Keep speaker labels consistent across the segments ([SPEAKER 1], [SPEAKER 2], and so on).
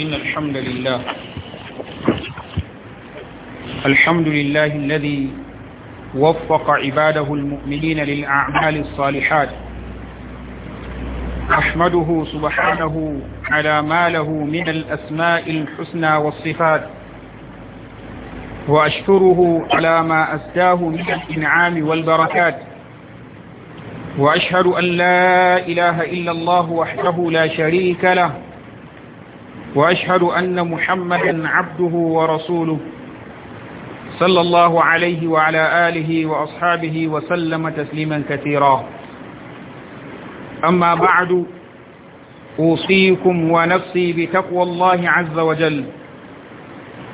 [SPEAKER 1] إن الحمد لله الحمد لله الذي وفق عباده المؤمنين للأعمال الصالحات أحمده سبحانه على ما له من الأسماء الحسنى والصفات وأشكره على ما أسداه من الإنعام والبركات وأشهد أن لا إله إلا الله وحده لا شريك له وأشهد أن محمدا عبده ورسوله صلى الله عليه وعلى آله وأصحابه وسلم تسليما كثيرا أما بعد أوصيكم ونفسي بتقوى الله عز وجل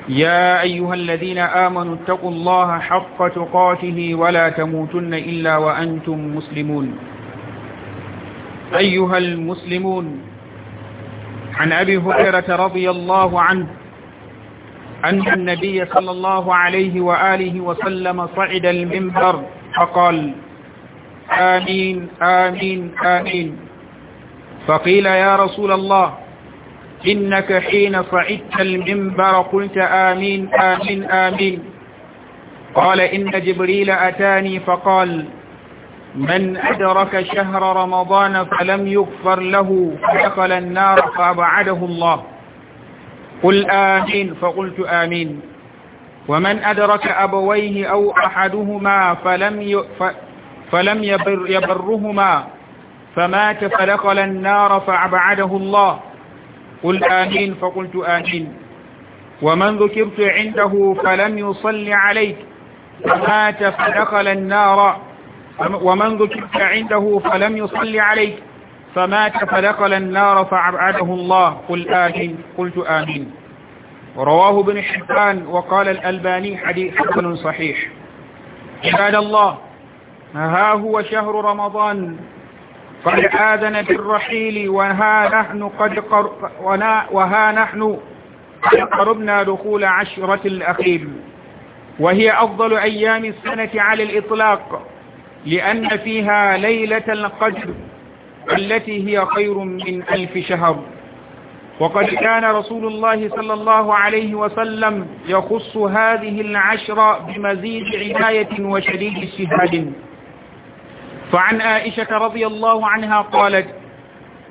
[SPEAKER 1] يا أيها الذين آمنوا اتقوا الله حق تقاته ولا تموتن إلا وأنتم مسلمون أيها المسلمون عن أبي هريرة رضي الله عنه أن النبي صلى الله عليه وآله وسلم صعد المنبر فقال آمين آمين آمين فقيل يا رسول الله إنك حين صعدت المنبر قلت آمين آمين آمين قال إن جبريل أتاني فقال من أدرك شهر رمضان فلم يغفر له فدخل النار فأبعده الله قل آمين فقلت آمين ومن أدرك أبويه أو أحدهما فلم فلم يبر... يبرهما فمات فدخل النار فأبعده الله قل آمين فقلت آمين ومن ذكرت عنده فلم يصلي عليك فمات فدخل النار ومن ذكرت عنده فلم يصلي عليك فمات فدخل النار فعبعده الله قل آمين قلت آمين رواه ابن حبان وقال الألباني حديث حسن صحيح عباد الله ها هو شهر رمضان قد آذن بالرحيل وها نحن قد قر... وها نحن قد قربنا دخول عشرة الأخير وهي أفضل أيام السنة على الإطلاق لأن فيها ليلة القدر التي هي خير من ألف شهر وقد كان رسول الله صلى الله عليه وسلم يخص هذه العشر بمزيد عناية وشديد اجتهاد فعن عائشة رضي الله عنها قالت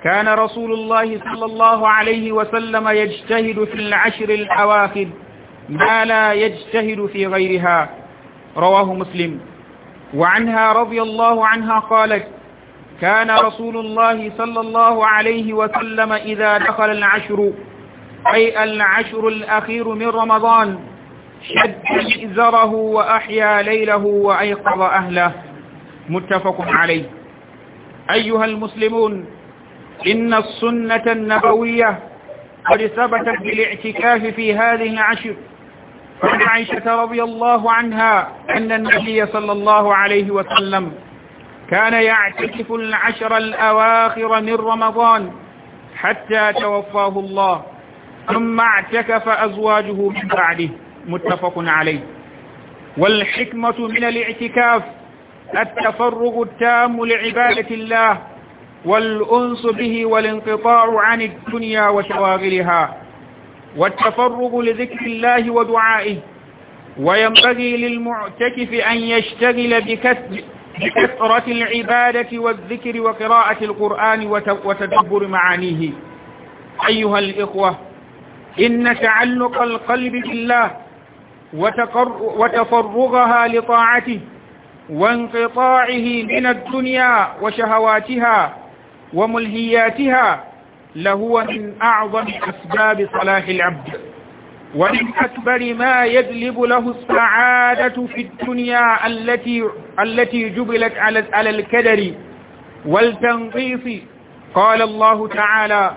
[SPEAKER 1] كان رسول الله صلى الله عليه وسلم يجتهد في العشر الأواخر ما لا يجتهد في غيرها رواه مسلم وعنها رضي الله عنها قالت كان رسول الله صلى الله عليه وسلم إذا دخل العشر أي العشر الأخير من رمضان شد إزره وأحيا ليله وأيقظ أهله متفق عليه أيها المسلمون إن السنة النبوية قد ثبتت بالاعتكاف في هذه العشر وعن عائشة رضي الله عنها أن النبي صلى الله عليه وسلم كان يعتكف العشر الأواخر من رمضان حتى توفاه الله ثم اعتكف أزواجه من بعده متفق عليه والحكمة من الاعتكاف التفرغ التام لعبادة الله والأنس به والانقطاع عن الدنيا وشواغلها والتفرغ لذكر الله ودعائه وينبغي للمعتكف أن يشتغل بكثرة العبادة والذكر وقراءة القرآن وتدبر معانيه أيها الإخوة إن تعلق القلب بالله وتفرغها لطاعته وانقطاعه من الدنيا وشهواتها وملهياتها لهو من أعظم أسباب صلاح العبد ومن أكبر ما يجلب له السعادة في الدنيا التي التي جبلت على على الكدر والتنقيص قال الله تعالى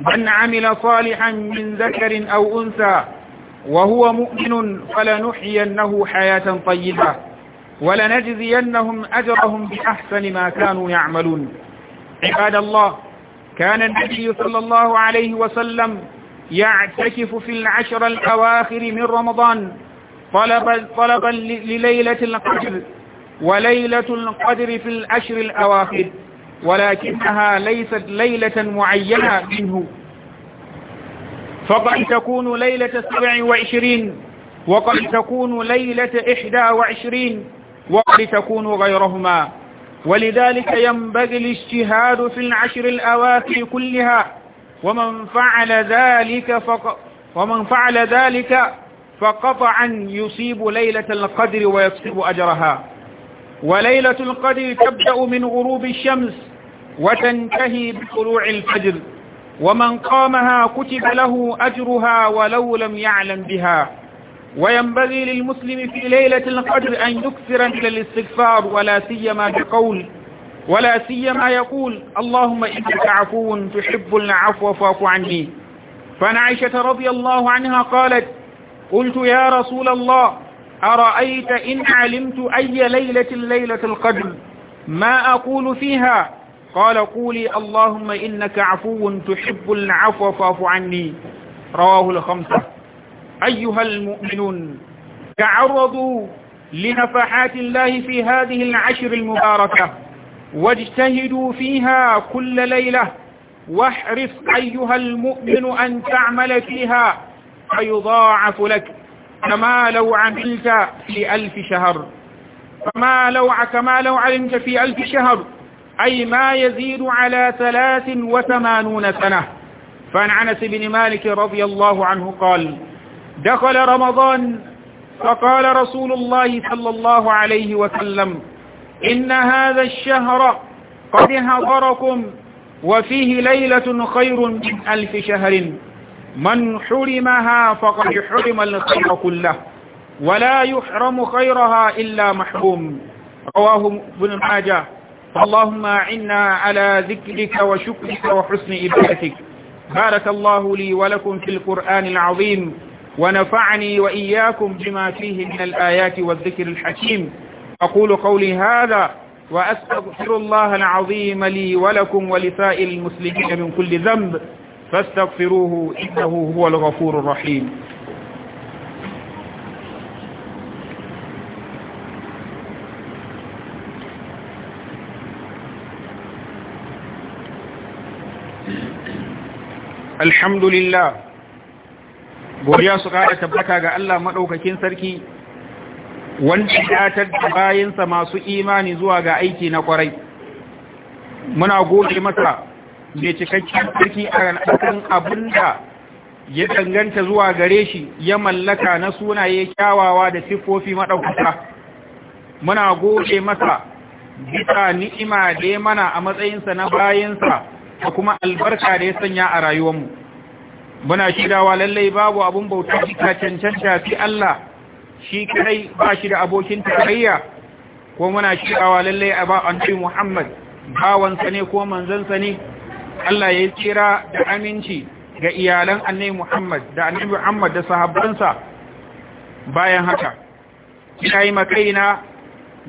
[SPEAKER 1] من عمل صالحا من ذكر أو أنثى وهو مؤمن فلنحيينه حياة طيبة ولنجزينهم أجرهم بأحسن ما كانوا يعملون عباد الله كان النبي صلى الله عليه وسلم يعتكف في العشر الأواخر من رمضان طلبا, طلبا لليلة القدر وليلة القدر في العشر الأواخر ولكنها ليست ليلة معينة منه فقد تكون ليلة سبع وعشرين وقد تكون ليلة إحدى وعشرين وقد تكون غيرهما ولذلك ينبغي الاجتهاد في العشر الأواخر كلها ومن فعل ذلك ومن فعل ذلك فقطعا يصيب ليلة القدر ويكسب أجرها وليلة القدر تبدأ من غروب الشمس وتنتهي بطلوع الفجر ومن قامها كتب له أجرها ولو لم يعلم بها وينبغي للمسلم في ليلة القدر أن يكثر من الاستغفار ولا سيما بقول ولا سيما يقول اللهم إنك عفو تحب العفو فاعف عني فعن عائشة رضي الله عنها قالت قلت يا رسول الله أرأيت إن علمت أي ليلة ليلة القدر ما أقول فيها قال قولي اللهم إنك عفو تحب العفو فاعف عني رواه الخمسة أيها المؤمنون تعرضوا لنفحات الله في هذه العشر المباركة واجتهدوا فيها كل ليلة واحرص أيها المؤمن أن تعمل فيها فيضاعف لك كما لو عملت في ألف شهر فما لو كما لو علمت في ألف شهر أي ما يزيد على ثلاث وثمانون سنة فعن عنس بن مالك رضي الله عنه قال دخل رمضان فقال رسول الله صلى الله عليه وسلم إن هذا الشهر قد هضركم وفيه ليلة خير من ألف شهر من حرمها فقد حرم الخير كله ولا يحرم خيرها إلا محروم رواه ابن ماجه اللهم عنا على ذكرك وشكرك وحسن إبادتك بارك الله لي ولكم في القرآن العظيم ونفعني وإياكم بما فيه من الآيات والذكر الحكيم أقول قولي هذا وأستغفر الله العظيم لي ولكم ولسائر المسلمين من كل ذنب فاستغفروه إنه هو الغفور الرحيم الحمد لله godiya su ƙara tabbata ga Allah maɗaukakin sarki wanda ya da bayansa masu imani zuwa ga aiki na kwarai muna gode masa mai cikakken sarki a ranakun abin da ya danganta zuwa gare shi ya mallaka na sunaye kyawawa da siffofi maɗaukaka muna gode masa bisa ni'ima da mana a matsayinsa na bayansa da kuma albarka da ya sanya a rayuwarmu muna shirawa lallai babu abun bauta ka cancanta fi Allah shi kai ba shi da abokin tarayya ko muna shirawa lallai a ba ce Muhammad bawansa ne ko manzansa ne Allah ya tsira da aminci ga iyalan annai Muhammad da annai Muhammad da sahabbansa bayan haka ina yi makaina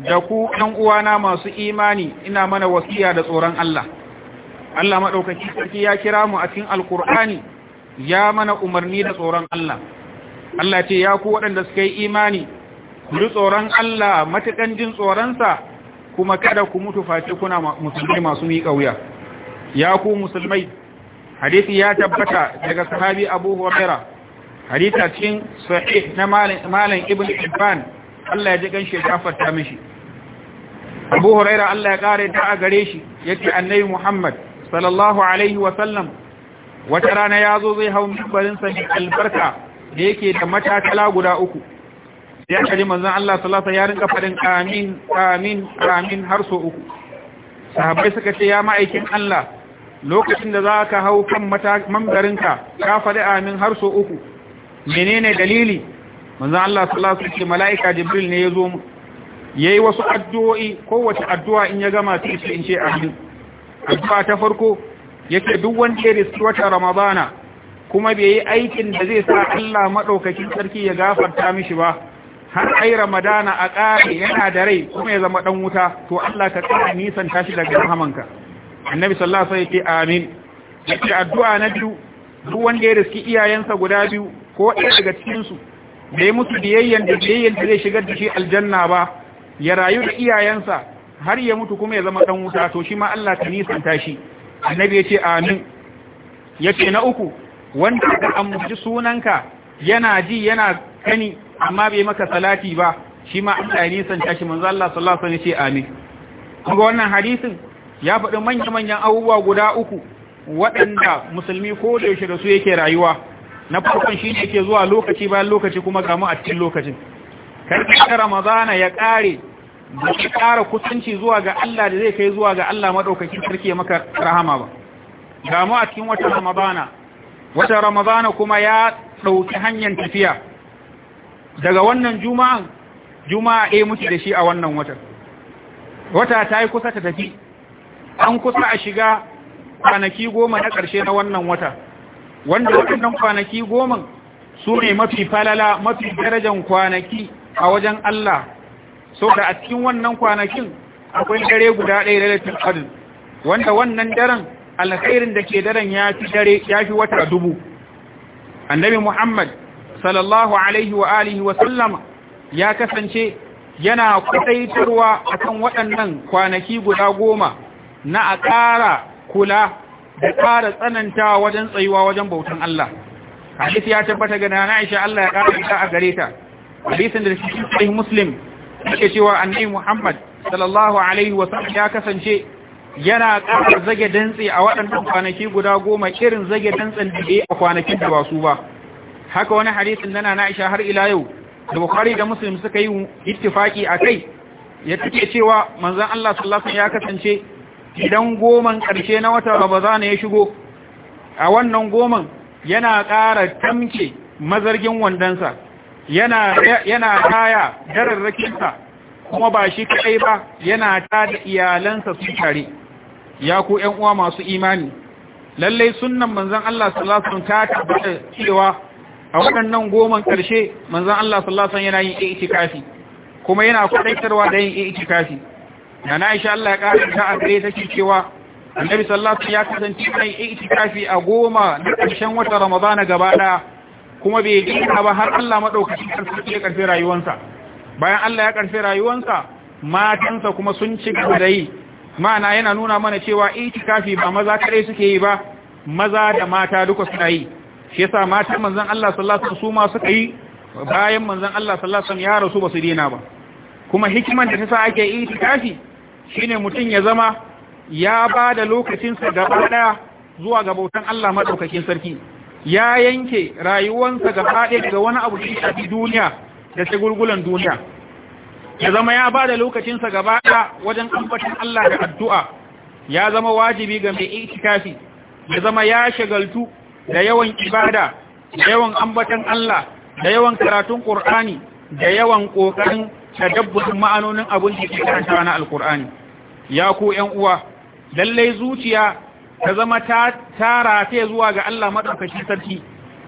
[SPEAKER 1] da ku ɗan uwana masu imani ina mana wasiya da tsoron Allah Allah maɗaukaki sarki ya kira mu a cikin alkur'ani ya mana umarni da tsoron Allah Allah ce ya ku waɗanda suka yi imani ku yi tsoron Allah matakan jin tsoronsa kuma kada ku mutu face kuna musulmai masu miƙa wuya ya ku musulmai hadisi ya tabbata daga sahabi Abu Hurairah hadita cikin sa'i na malam Ibn Hibban Allah ya ji ganshi ya gafarta mishi Abu huraira Allah ya kare ta a gare shi yace Annabi Muhammad sallallahu alaihi wa sallam wata rana ya zo zai hau mimbarinsa mai albarka da yake da matakala guda uku Sai ya ji manzan Allah wasallam ya rinka faɗin amin amin amin har so uku sahabbai suka ce ya ma'aikin Allah lokacin da za ka hau kan mambarinka ka faɗi amin har so uku menene dalili manzan Allah alaihi wasallam mala'ika jibril ne ya zo mu ya wasu addu'o'i kowace addu'a in ya gama sai in ce amin addu'a ta farko yake duk wanda ya riski wata ramadana kuma bai yi aikin da zai sa Allah madaukakin sarki ya gafarta mishi ba har ai ramadana a ƙare yana da rai kuma ya zama ɗan wuta to Allah ka tsara nisan tashi daga rahamanka annabi sallallahu alaihi wasallam ce amin yace addu'a na biyu duk wanda ya riski iyayensa guda biyu ko ɗaya daga cikin su da ya musu biyayyan da biyayyan da zai shigar da shi aljanna ba ya rayu da iyayensa har ya mutu kuma ya zama ɗan wuta to shi ma Allah ka nisanta tashi. annabi ya ce amin ya ce na uku wanda ka ambaci sunanka yana ji yana kani amma bai maka salati ba shi ma Allah ya nisan tashi manzo Allah sallallahu alaihi wasallam ya ce amin kuma wannan hadisin ya faɗi manya-manyan abubuwa guda uku waɗanda musulmi ko da yaushe da su yake rayuwa na farkon shi ne yake zuwa lokaci bayan lokaci kuma gamu a cikin lokacin ka ramadana ya ƙare ba ka ƙara kusanci zuwa ga Allah da zai kai zuwa ga Allah maɗaukakin sarki maka rahama ba ga mu a cikin wata ramadana Wata ramadana kuma ya ɗauki hanyar tafiya daga wannan juma'an juma'a ɗaya muke da shi a wannan wata. wata ta yi kusa ta tafi an kusa a shiga kwanaki goma na ƙarshe na wannan wata wanda waɗannan kwanaki goma su ne mafi falala mafi darajan kwanaki a wajen Allah saboda a cikin wannan kwanakin akwai dare guda ɗaya lailatul qadr wanda wannan daren alkhairin da ke daren ya fi dare ya fi wata dubu annabi muhammad sallallahu alaihi wa alihi wa sallama ya kasance yana a akan waɗannan kwanaki guda goma na a ƙara kula da ƙara tsananta wajen tsayuwa wajen bautan Allah hadisi ya tabbata ga Aisha Allah ya ƙara ta a gare ta hadisin da shi Sahih Muslim ake cewa annabi Muhammad sallallahu alaihi wasallam ya kasance yana ƙara zage dantse a waɗannan kwanaki guda goma irin zage dantsen da a kwanakin da ba su ba haka wani hadisin nana na Aisha har ila yau da Bukhari da Muslim suka yi ittifaki kai ya take cewa manzon Allah sallallahu ya kasance idan goman ƙarshe na watan Ramadan ya shigo a wannan goman yana ƙara tamke mazargin wandansa yana kaya taya dararrakinsa kuma ba shi kai ba yana tada iyalansa su tare ya ku uwa masu imani Lallai sunan manzon Allah sallallahu ta tabbata cewa a waɗannan goman ƙarshe manzon Allah sallallahu alaihi yana yin itikafi kuma yana kwadaitarwa da yin itikafi na Aisha Allah ya ƙara ta a gare ta cewa Annabi sallallahu alaihi ya kasance mai itikafi a goma na ƙarshen wata Ramadana gaba ɗaya kuma bai daina ba har Allah maɗaukacin sarki ya karfe rayuwansa bayan Allah ya karfe rayuwansa matansa kuma sun ci gaba da yi ma'ana yana nuna mana cewa itikafi ba maza kadai suke yi ba maza da mata duka suna yi shi yasa mata manzon Allah sallallahu alaihi wasallam su ma suka yi bayan manzon Allah sallallahu alaihi wasallam ya rasu ba su daina ba kuma hikiman da tasa ake itikafi shine mutun ya zama ya bada lokacinsa gaba daya zuwa ga bautan Allah madaukakin sarki ya yanke rayuwansa ga faɗe daga wani abu shi shafi duniya da shagulgulan duniya ya zama ya ba da lokacinsa gaba ɗaya wajen ambatan Allah da addu'a ya zama wajibi ga mai itikafi ya zama ya shagaltu da yawan ibada da yawan ambatan Allah da yawan karatun ƙur'ani da yawan ƙoƙarin tadabburin ma'anonin abin da ke karanta na Alkur'ani. ya ku 'yan uwa lallai zuciya ta zama ta rafe zuwa ga Allah madaukakin sarki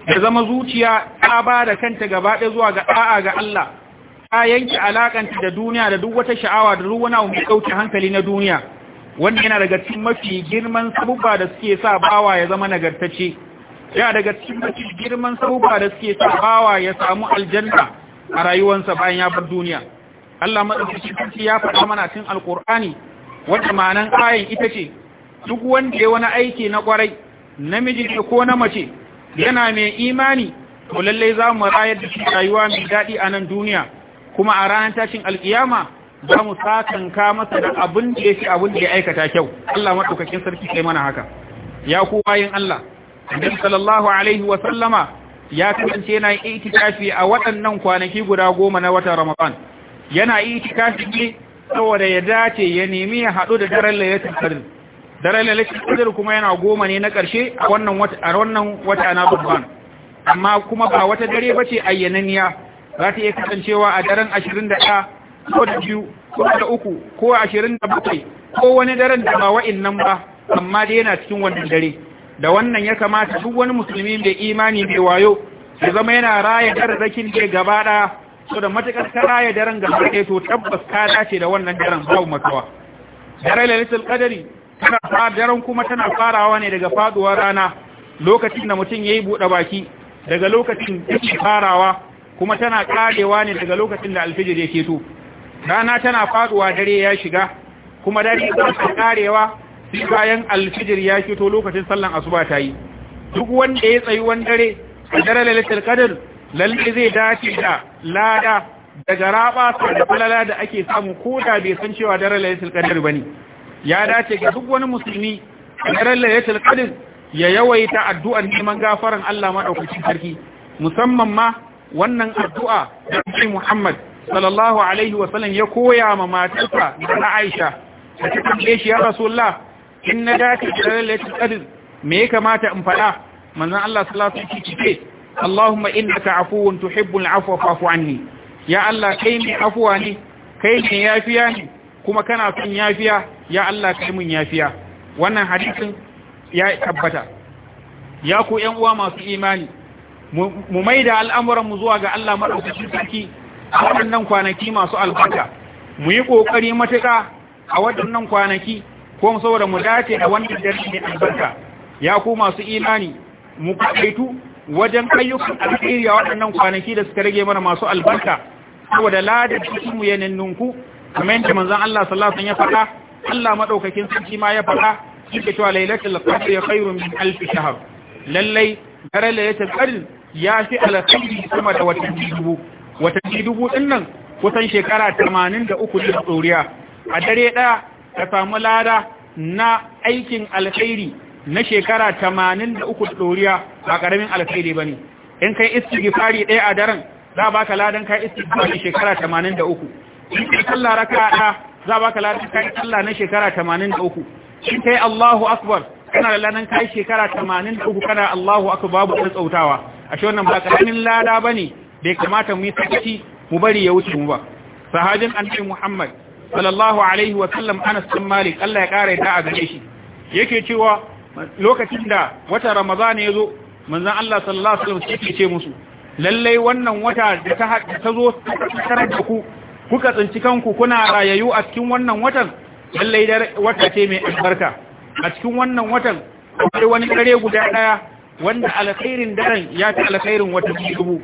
[SPEAKER 1] ta zama zuciya ta ba da kanta gaba ɗaya zuwa ga ɗa’a ga Allah ta yanke alakanta da duniya da duk wata sha'awa da duk wani abu mai hankali na duniya wanda yana daga cikin mafi girman sabubba da suke sa bawa ya zama nagartacce ya daga cikin mafi girman sabubba da suke sa bawa ya samu aljanna a rayuwarsa bayan ya bar duniya Allah madaukakin sarki ya faɗa mana cikin alƙur'ani wanda ma'anan ayin ita ce duk wanda ya wani aiki na kwarai namiji ne ko na mace yana mai imani to lallai za mu rayar da shi rayuwa mai daɗi a nan duniya kuma a ranar tashin alkiyama za mu satanka masa da abin da ya fi abin da ya aikata kyau Allah maɗaukakin sarki kai mana haka ya ku bayan Allah annabi sallallahu alaihi wa sallama ya kasance yana itikafi a waɗannan kwanaki guda goma na watan Ramadan yana itikafi ne saboda ya dace ya nemi ya haɗu da daren layyatar Qadr daren lalatin kuma yana goma ne na ƙarshe a wannan wata na babban amma kuma ba wata dare ba ce ayyananniya za ta iya kasancewa a daren ashirin da ko da biyu ko da uku ko ashirin ko wani daren da ba wa'in nan ba amma dai yana cikin wannan dare da wannan ya kamata duk wani musulmi mai imani mai wayo ya zama yana raya zakin ke gaba ɗaya so da matuƙar ta raya daren gaba ɗaya to tabbas ka dace da wannan daren babu makawa daren lalatin ƙadari tana daren kuma tana farawa ne daga faduwar rana lokacin da mutum ya yi buɗe baki daga lokacin yake farawa kuma tana karewa ne daga lokacin da alfijir ya keto rana tana faduwa dare ya shiga kuma dare ba ta karewa bayan alfijir ya keto lokacin sallan asuba ta yi duk wanda ya tsayi wani dare a dare lalatul kadar lalle zai dace da lada daga raba da falala da ake samu ko da bai san cewa dare kadar ba ne. ya dace ga duk wani musulmi daren lailatul qadr ya yawaita addu'ar neman gafaran Allah maɗaukacin sarki musamman ma wannan addu'a da Annabi Muhammad sallallahu alaihi wa sallam ya koya ma matarsa na Aisha a cikin shi ya in na dace daren lailatul qadr me ya kamata in faɗa manzan Allah sallallahu alaihi wa sallam ce Allahumma ya Allah kai ne afuwa ne kai yafiya ne kuma kana son yafiya ya Allah kai mun yafiya wannan hadisin ya tabbata ya ku ƴan uwa masu imani mu maida al'amuran mu zuwa ga Allah madaukakin sarki a waɗannan kwanaki masu albarka mu yi kokari matuƙa a waɗannan kwanaki ko saboda mu dace da wannan dare ne albarka ya ku masu imani mu kaitu wajen ayyukan alheri a waɗannan kwanaki da suka rage mana masu albarka saboda ladar cikin mu yanannunku kamar yadda manzon Allah sallallahu alaihi wasallam ya faɗa Allah madaukakin sarki ma ya faɗa yake cewa lailatul qadr khairun min alf shahr lallai dare lailatul qadr ya fi alkhairi kuma da watanni dubu watanni dubu din nan kusan shekara 83 da tsoriya a dare daya ka samu lada na aikin alkhairi na shekara 83 da tsoriya ba karamin alkhairi bane in kai istighfari ɗaya a daren za baka ladan kai istighfari shekara 83 in kai sallah raka'a ɗaya za ba baka ladan kai sallah na shekara 83 in kai Allahu akbar kana da ladan kai shekara 83 kana Allahu akbar babu wani tsautawa ashe wannan ba karamin lada ba ne bai kamata mu yi sakaci mu bari ya wuce mu ba sahabin annabi Muhammad sallallahu alaihi wa sallam Anas bin Malik Allah ya kare ta a gare shi yake cewa lokacin da wata Ramadan ya zo manzon Allah sallallahu alaihi wa sallam yake ce musu lallai wannan wata da ta zo ta tarar da ku kuka tsinci kanku kuna rayayu a cikin wannan watan lallai wata ce mai albarka a cikin wannan watan akwai wani kare guda daya wanda alkhairin daren ya fi alkhairin wata dubu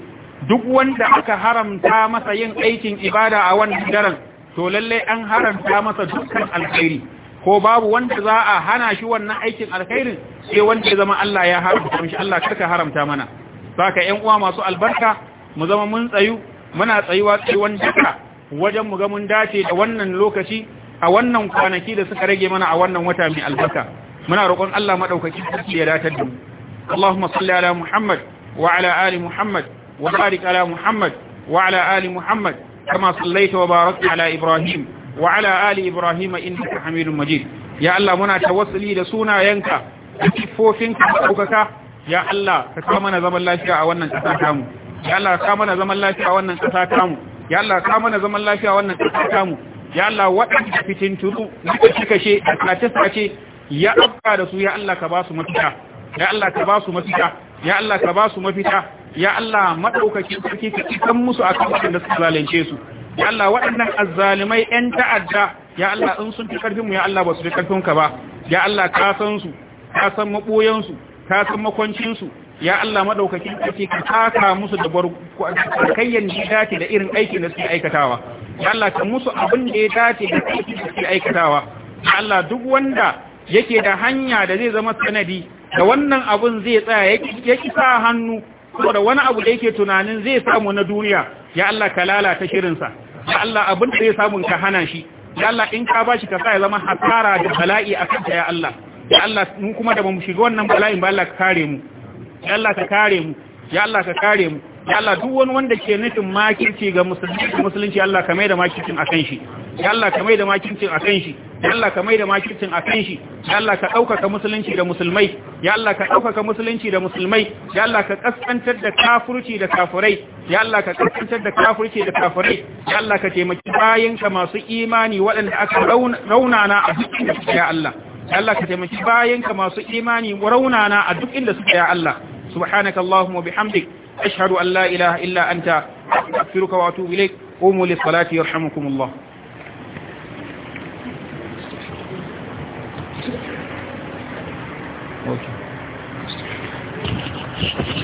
[SPEAKER 1] duk wanda aka haramta masa yin aikin ibada a wannan daren to lallai an haramta masa dukkan alkhairi ko babu wanda za a hana shi wannan aikin alkhairin sai wanda ya zama Allah ya haramta mishi Allah karka haramta mana saka ƴan uwa masu albarka mu zama mun tsayu muna tsayuwa tsayuwan daka wajen mu ga mun dace da wannan lokaci a wannan kwanaki da suka rage mana a wannan wata mai albarka muna roƙon Allah madaukakin sarki ya datar da mu Allahumma salli ala Muhammad wa ala ali Muhammad wa barik ala Muhammad wa ala ali Muhammad kama sallaita wa barakta ala Ibrahim wa ala ali Ibrahim innaka Hamidum Majid ya Allah muna tawassuli da sunayenka da sifofinka da ya Allah ka kawo mana zaman lafiya a wannan ƙasa tamu ya Allah ka kawo mana zaman lafiya a wannan ƙasa tamu ya Allah ka mana zaman lafiya wannan ƙasa ta mu ya Allah waɗanda fitin turu da kika she a sace-sace ya abba da su ya Allah ka ba su mafita ya Allah ka ba su mafita ya Allah ka ba su mafita ya Allah madaukaki sarki ka cikan musu akan waɗanda suka zalunce su ya Allah waɗannan azzalimai ƴan ta'adda ya Allah in sun fi karfin mu ya Allah ba su fi karfin ka ba ya Allah ka san su ka san maboyan su ka san makwancin su ya Allah madaukakin sarki ka taka musu da barkayyan da dace da irin aikin da suke aikatawa ya Allah ka musu abin da ya dace da aikin da suke aikatawa ya Allah duk wanda yake da hanya da zai zama sanadi da wannan abun zai tsaya ya ki sa hannu saboda wani abu da yake tunanin zai samu na duniya ya Allah ka lalata shirinsa ya Allah abin da zai samu ka hana shi ya Allah in ka bashi ka sa ya zama hasara da bala'i akan ta ya Allah ya Allah mu kuma da mu shiga wannan bala'in ba Allah ka kare mu ya Allah ka kare mu ya Allah ka kare mu ya Allah duk wani wanda ke nufin makirci ga musulunci Allah ka maida makircin akan shi ya Allah ka maida makircin akan shi ya Allah ka maida makircin akan shi ya Allah ka ɗaukaka musulunci da musulmai ya Allah ka ɗaukaka musulunci da musulmai ya Allah ka kaskantar da kafurci da kafurai ya Allah ka kaskantar da kafurci da kafurai ya Allah ka taimaki bayanka masu imani waɗanda aka raunana a duk inda suke ya Allah ya Allah ka taimaki bayanka masu imani raunana a duk inda suka ya Allah سبحانك اللهم وبحمدك أشهد أن لا إله إلا أنت أستغفرك وأتوب إليك قوموا للصلاة يرحمكم الله you.